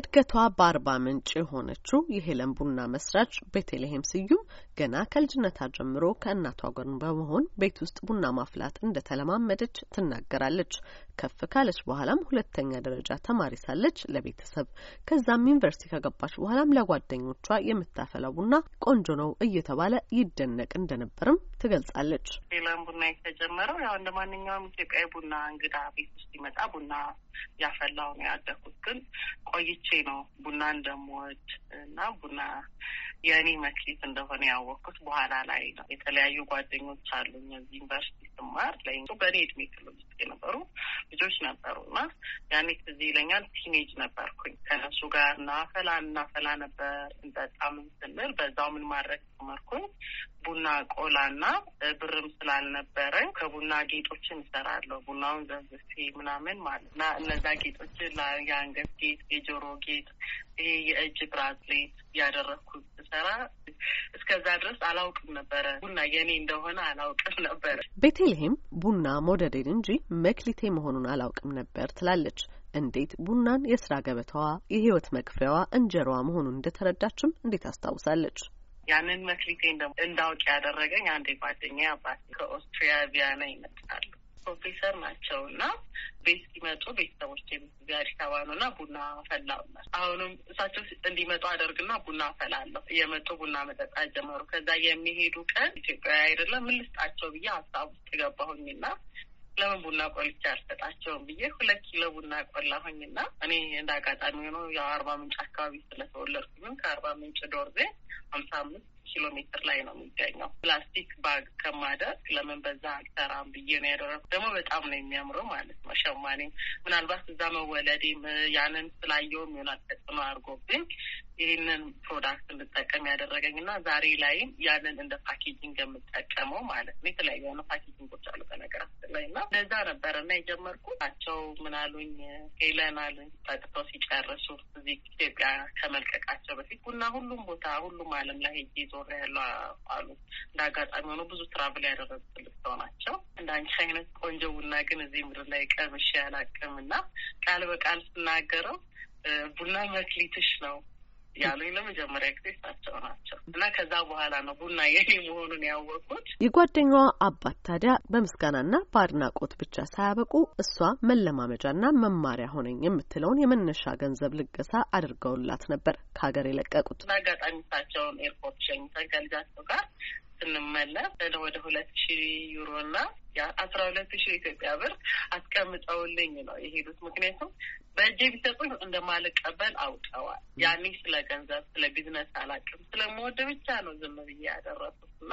እድገቷ በአርባ ምንጭ የሆነችው የሄለን ቡና መስራች ቤተልሔም ስዩም ገና ከልጅነቷ ጀምሮ ከእናቷ ጎን በመሆን ቤት ውስጥ ቡና ማፍላት እንደተለማመደች ትናገራለች። ከፍ ካለች በኋላም ሁለተኛ ደረጃ ተማሪ ሳለች ለቤተሰብ ከዛም ዩኒቨርሲቲ ከገባች በኋላም ለጓደኞቿ የምታፈላው ቡና ቆንጆ ነው እየተባለ ይደነቅ እንደነበርም ትገልጻለች። ሌላም ቡና የተጀመረው ያው እንደ ማንኛውም ኢትዮጵያዊ ቡና እንግዳ ቤት ውስጥ ይመጣ ቡና ያፈላው ነው ያደኩት። ግን ቆይቼ ነው ቡና እንደምወድ እና ቡና የእኔ መክሊት እንደሆነ ያወቅኩት በኋላ ላይ ነው። የተለያዩ ጓደኞች አሉ እዚህ ዩኒቨርሲቲ ስማር ላይ በእኔ እድሜ ክልል ውስጥ የነበሩ ልጆች ነበሩ እና ያኔ ትዝ ይለኛል ቲኔጅ ነበርኩኝ። ከነሱ ጋር እናፈላ እናፈላ ነበር። በጣም ስንል በዛው ምን ማድረግ ተመርኩኝ ቡና ቆላና ብርም ስላልነበረ ከቡና ጌጦችን እሰራለሁ። ቡናውን ዘዝፌ ምናምን ማለት እና እነዛ ጌጦች የአንገት ጌጥ፣ የጆሮ ጌጥ፣ ይሄ የእጅ ብራዝሌት ያደረግኩት ስሰራ እስከዛ ድረስ አላውቅም ነበረ። ቡና የኔ እንደሆነ አላውቅም ነበረ። ቤቴልሄም ቡና መውደዴን እንጂ መክሊቴ መሆኑን አላውቅም ነበር ትላለች። እንዴት ቡናን የስራ ገበታዋ፣ የህይወት መክፈያዋ፣ እንጀራዋ መሆኑን እንደተረዳችም እንዴት አስታውሳለች። ያንን መክሊቴን ደግሞ እንዳውቅ ያደረገኝ አንድ ጓደኛ አባት ከኦስትሪያ ቪያና ይመጣሉ። ፕሮፌሰር ናቸው እና ቤት ሲመጡ ቤተሰቦች አበባ ነው እና ቡና ፈላውና አሁንም እሳቸው እንዲመጡ አደርግና ቡና ፈላለሁ። እየመጡ ቡና መጠጣት ጀመሩ። ከዛ የሚሄዱ ቀን ኢትዮጵያ አይደለም ምን ልስጣቸው ብዬ ሀሳብ ውስጥ ገባሁኝና ለምን ቡና ቆልቼ አልሰጣቸውም ብዬ ሁለት ኪሎ ቡና ና እኔ እንደ አጋጣሚ ሆኖ ያው አርባ ምንጭ አካባቢ ስለተወለድኩኝም ከአርባ ምንጭ ዶርዜ ሀምሳ አምስት ኪሎ ሜትር ላይ ነው የሚገኘው። ፕላስቲክ ባግ ከማደርግ ለምን በዛ አልሰራም ብዬ ነው ያደረኩት። ደግሞ በጣም ነው የሚያምረው ማለት ነው። ሸማኔም ምናልባት እዛ መወለዴም ያንን ስላየውም ይሆናል ተጽዕኖ አድርጎብኝ ይህንን ፕሮዳክት እንድጠቀም ያደረገኝ እና ዛሬ ላይም ያንን እንደ ፓኬጂንግ የምጠቀመው ማለት ነው። የተለያዩ የሆነ ፓኬጂንጎች አሉ በነገራችን ላይ እና እንደዛ ነበረ እና የጀመርኩ ናቸው ምናሉኝ ሄለን አሉኝ ጠጥተው ሲጨርሱ እዚህ ኢትዮጵያ ከመልቀቃቸው በፊት ቡና ሁሉም ቦታ ሁሉም ዓለም ላይ ሄጄ ዞር ያለ አሉ። እንደ አጋጣሚ ሆኖ ብዙ ትራቭል ያደረጉ ሰው ናቸው። እንደ አንቺ አይነት ቆንጆ ቡና ግን እዚህ ምድር ላይ ቀምሼ አላቅም እና ቃል በቃል ስናገረው ቡና መክሊትሽ ነው ያሉኝ ለመጀመሪያ ጊዜ እሳቸው ናቸው እና ከዛ በኋላ ነው ቡና የኔ መሆኑን ያወቁት። የጓደኛዋ አባት ታዲያ በምስጋናና በአድናቆት ብቻ ሳያበቁ እሷ መለማመጃና መማሪያ ሆነኝ የምትለውን የመነሻ ገንዘብ ልገሳ አድርገውላት ነበር ከሀገር የለቀቁት። አጋጣሚ እሳቸውን ኤርፖርት ሸኝተን ከልጃቸው ጋር ስንመለስ ወደ ሁለት ሺህ ዩሮ እና አስራ ሁለት ሺህ ኢትዮጵያ ብር አስቀምጠውልኝ ነው የሄዱት። ምክንያቱም በእጄ ቢሰጡኝ እንደማልቀበል አውቀዋል። ያኔ ስለ ገንዘብ ስለ ቢዝነስ አላውቅም። ስለምወድ ብቻ ነው ዝም ብዬ ያደረሱት እና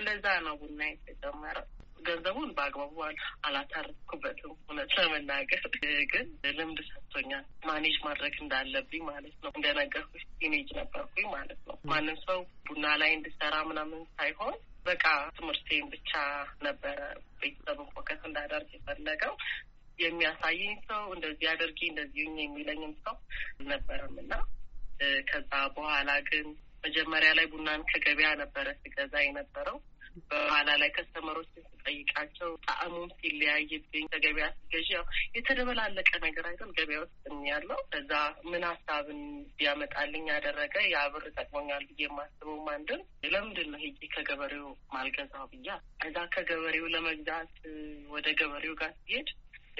እንደዛ ነው ቡና የተጀመረ። ገንዘቡን በአግባቡ አላታርኩበትም። እውነት ለመናገር ግን ልምድ ሰጥቶኛል፣ ማኔጅ ማድረግ እንዳለብኝ ማለት ነው። እንደነገርኩ ቲኔጅ ነበርኩኝ ማለት ነው። ማንም ሰው ቡና ላይ እንድሰራ ምናምን ሳይሆን በቃ ትምህርቴን ብቻ ነበረ ቤተሰብን ፎከስ እንዳደርግ የፈለገው የሚያሳይኝ ሰው እንደዚህ አድርጊ እንደዚህ የሚለኝም ሰው አልነበረም እና ከዛ በኋላ ግን መጀመሪያ ላይ ቡናን ከገበያ ነበረ ስገዛ የነበረው በኋላ ላይ ከስተመሮች ስጠይቃቸው ጣዕሙም ሲለያይብኝ ከገበያ ስገዢ ያው የተደበላለቀ ነገር አይደል ገበያ ውስጥ ያለው። ከዛ ምን ሀሳብን ቢያመጣልኝ ያደረገ የአብር ጠቅሞኛል ብዬ የማስበው ማንድም ለምንድን ነው ሄጄ ከገበሬው ማልገዛው ብያ ከዛ ከገበሬው ለመግዛት ወደ ገበሬው ጋር ሲሄድ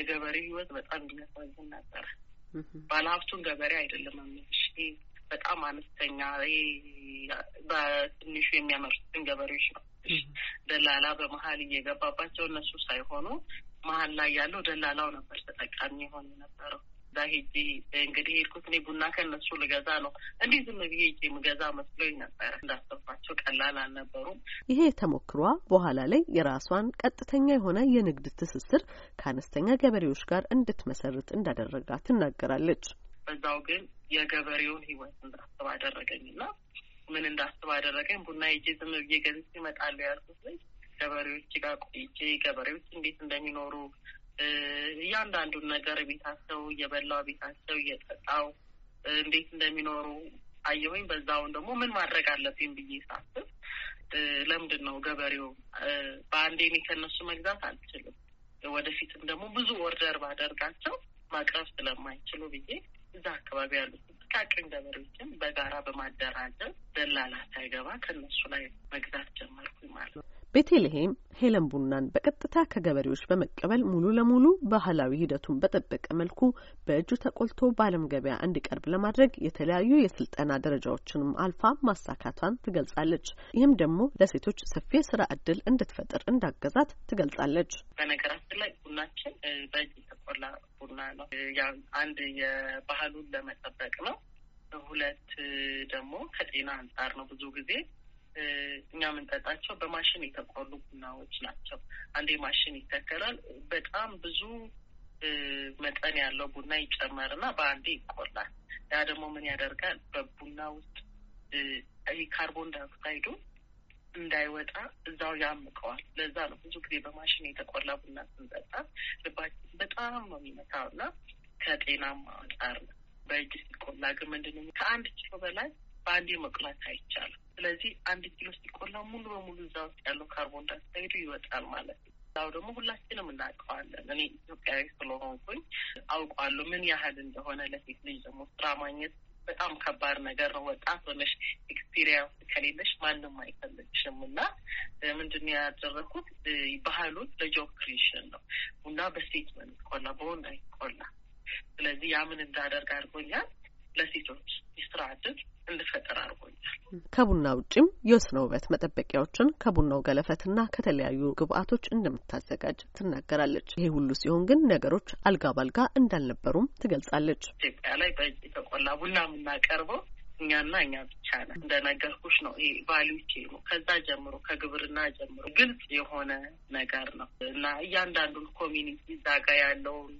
የገበሬው ህይወት በጣም የሚያሳዝን ነበር። ባለሀብቱን ገበሬ አይደለም የምልሽ በጣም አነስተኛ በትንሹ የሚያመርቱትን ገበሬዎች ነው ደላላ በመሀል እየገባባቸው እነሱ ሳይሆኑ መሀል ላይ ያለው ደላላው ነበር ተጠቃሚ የሆነ ነበረው። እዛ ሄጄ እንግዲህ ሄድኩት። እኔ ቡና ከነሱ ልገዛ ነው። እንዲህ ዝም ብዬ ሄጄ ምገዛ መስሎኝ ነበረ። እንዳሰባቸው ቀላል አልነበሩም። ይሄ ተሞክሯ በኋላ ላይ የራሷን ቀጥተኛ የሆነ የንግድ ትስስር ከአነስተኛ ገበሬዎች ጋር እንድትመሰርት እንዳደረጋ ትናገራለች። በዛው ግን የገበሬውን ህይወት እንዳስብ አደረገኝ እና ምን እንዳስብ አደረገኝ። ቡና ይዤ ዝም ብዬ ገዝቼ እመጣለሁ ያልኩት ልጅ ገበሬዎች ጋር ቆይቼ ገበሬዎች እንዴት እንደሚኖሩ እያንዳንዱን ነገር ቤታቸው እየበላው ቤታቸው እየጠጣው እንዴት እንደሚኖሩ አየሁኝ። በዛውን ደግሞ ምን ማድረግ አለብኝ ብዬ ሳስብ ለምንድን ነው ገበሬው በአንዴ እኔ ከነሱ መግዛት አልችልም፣ ወደፊትም ደግሞ ብዙ ኦርደር ባደርጋቸው ማቅረብ ስለማይችሉ ብዬ እዛ አካባቢ ያሉት ታቅን ገበሬዎችን በጋራ በማደራጀት ደላላ ሳይገባ ከነሱ ላይ መግዛት ጀመርኩኝ ማለት ነው። ቤቴልሄም ሄለን ቡናን በቀጥታ ከገበሬዎች በመቀበል ሙሉ ለሙሉ ባህላዊ ሂደቱን በጠበቀ መልኩ በእጁ ተቆልቶ በዓለም ገበያ እንዲቀርብ ለማድረግ የተለያዩ የስልጠና ደረጃዎችንም አልፋ ማሳካቷን ትገልጻለች። ይህም ደግሞ ለሴቶች ሰፊ የስራ እድል እንድትፈጥር እንዳገዛት ትገልጻለች። በነገራችን ላይ ቡናችን በእጅ የተቆላ ቡና ነው። አንድ የባህሉን ለመጠበቅ ነው። ሁለት ደግሞ ከጤና አንጻር ነው። ብዙ ጊዜ እኛ የምንጠጣቸው በማሽን የተቆሉ ቡናዎች ናቸው። አንዴ ማሽን ይተከላል። በጣም ብዙ መጠን ያለው ቡና ይጨመርና በአንዴ ይቆላል። ያ ደግሞ ምን ያደርጋል? በቡና ውስጥ ይህ ካርቦን ዳይኦክሳይዱ እንዳይወጣ እዛው ያምቀዋል። ለዛ ነው ብዙ ጊዜ በማሽን የተቆላ ቡና ስንጠጣ ልባችን በጣም ነው የሚመታው እና ከጤናም አንጻር ነው። በእጅ ሲቆላ ግን ምንድን ከአንድ ኪሎ በላይ በአንዴ መቁላት አይቻልም። ስለዚህ አንድ ኪሎ ሲቆላ ሙሉ በሙሉ እዛ ውስጥ ያለው ካርቦን ዳይኦክሳይዱ ይወጣል ማለት ነው። ያው ደግሞ ሁላችንም እናውቀዋለን። እኔ ኢትዮጵያዊ ስለሆንኩኝ አውቀዋለሁ ምን ያህል እንደሆነ። ለሴት ልጅ ደግሞ ስራ ማግኘት በጣም ከባድ ነገር ነው። ወጣት ሆነሽ ኤክስፒሪየንስ ከሌለሽ ማንም አይፈልግሽም። እና ምንድን ያደረኩት ባህሉን ለጆብ ክሪኤሽን ነው። ቡና በሴት ነው ይቆላ፣ በወንድ አይቆላ። ስለዚህ ያምን እንዳደርግ አድርጎኛል። ለሴቶች የስራ እድል እንድፈጠር አድርጎኛል። ከቡና ውጭም የወስነ ውበት መጠበቂያዎችን ከቡናው ገለፈትና ከተለያዩ ግብአቶች እንደምታዘጋጅ ትናገራለች። ይሄ ሁሉ ሲሆን ግን ነገሮች አልጋ ባልጋ እንዳልነበሩም ትገልጻለች። ኢትዮጵያ ላይ በእጅ የተቆላ ቡና የምናቀርበው እኛና እኛ ብቻ ነን። እንደነገርኩሽ ነው። ይሄ ቫሊዩቼ ነው። ከዛ ጀምሮ ከግብርና ጀምሮ ግልጽ የሆነ ነገር ነው እና እያንዳንዱን ኮሚኒቲ እዛ ጋ ያለውን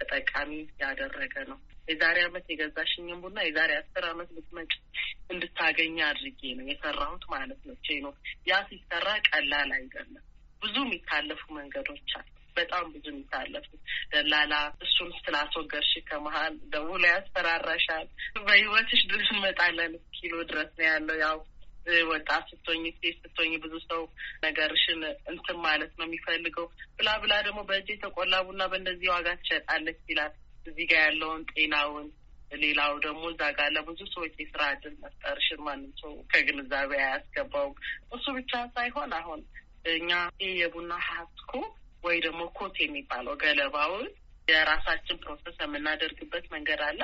ተጠቃሚ ያደረገ ነው። የዛሬ አመት የገዛሽኝን ቡና የዛሬ አስር አመት ልትመጭ እንድታገኝ አድርጌ ነው የሰራሁት ማለት ነው። ነው ያ ሲሰራ ቀላል አይደለም። ብዙ የሚታለፉ መንገዶች አሉ። በጣም ብዙ የሚታለፉ ደላላ፣ እሱን ስላስወገርሽ ከመሀል ደውሎ ያስፈራራሻል። በህይወትሽ ድረስ እንመጣለን ኪሎ ድረስ ነው ያለው ያው ወጣት ስትሆኝ ሴት ስትሆኝ ብዙ ሰው ነገርሽን እንትን ማለት ነው የሚፈልገው። ብላ ብላ ደግሞ በእጅ የተቆላ ቡና በእንደዚህ ዋጋ ትሸጣለች ይላል። እዚህ ጋር ያለውን ጤናውን ሌላው ደግሞ እዛ ጋር ለብዙ ሰዎች የስራ እድል መፍጠር ማንም ሰው ከግንዛቤ አያስገባው። እሱ ብቻ ሳይሆን አሁን እኛ የቡና ሀስኮ ወይ ደግሞ ኮት የሚባለው ገለባውን የራሳችን ፕሮሰስ የምናደርግበት መንገድ አለ።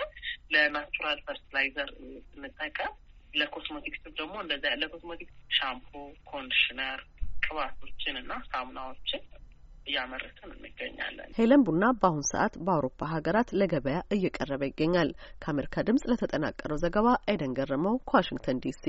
ለናቹራል ፈርቲላይዘር ስንጠቀም፣ ለኮስሞቲክስ ደግሞ እንደዚ ለኮስሞቲክስ ሻምፖ፣ ኮንዲሽነር፣ ቅባቶችን እና ሳሙናዎችን እያመረትን እንገኛለን። ሄለን ቡና በአሁን ሰዓት በአውሮፓ ሀገራት ለገበያ እየቀረበ ይገኛል። ከአሜሪካ ድምጽ ለተጠናቀረው ዘገባ አይደን ገረመው ከዋሽንግተን ዲሲ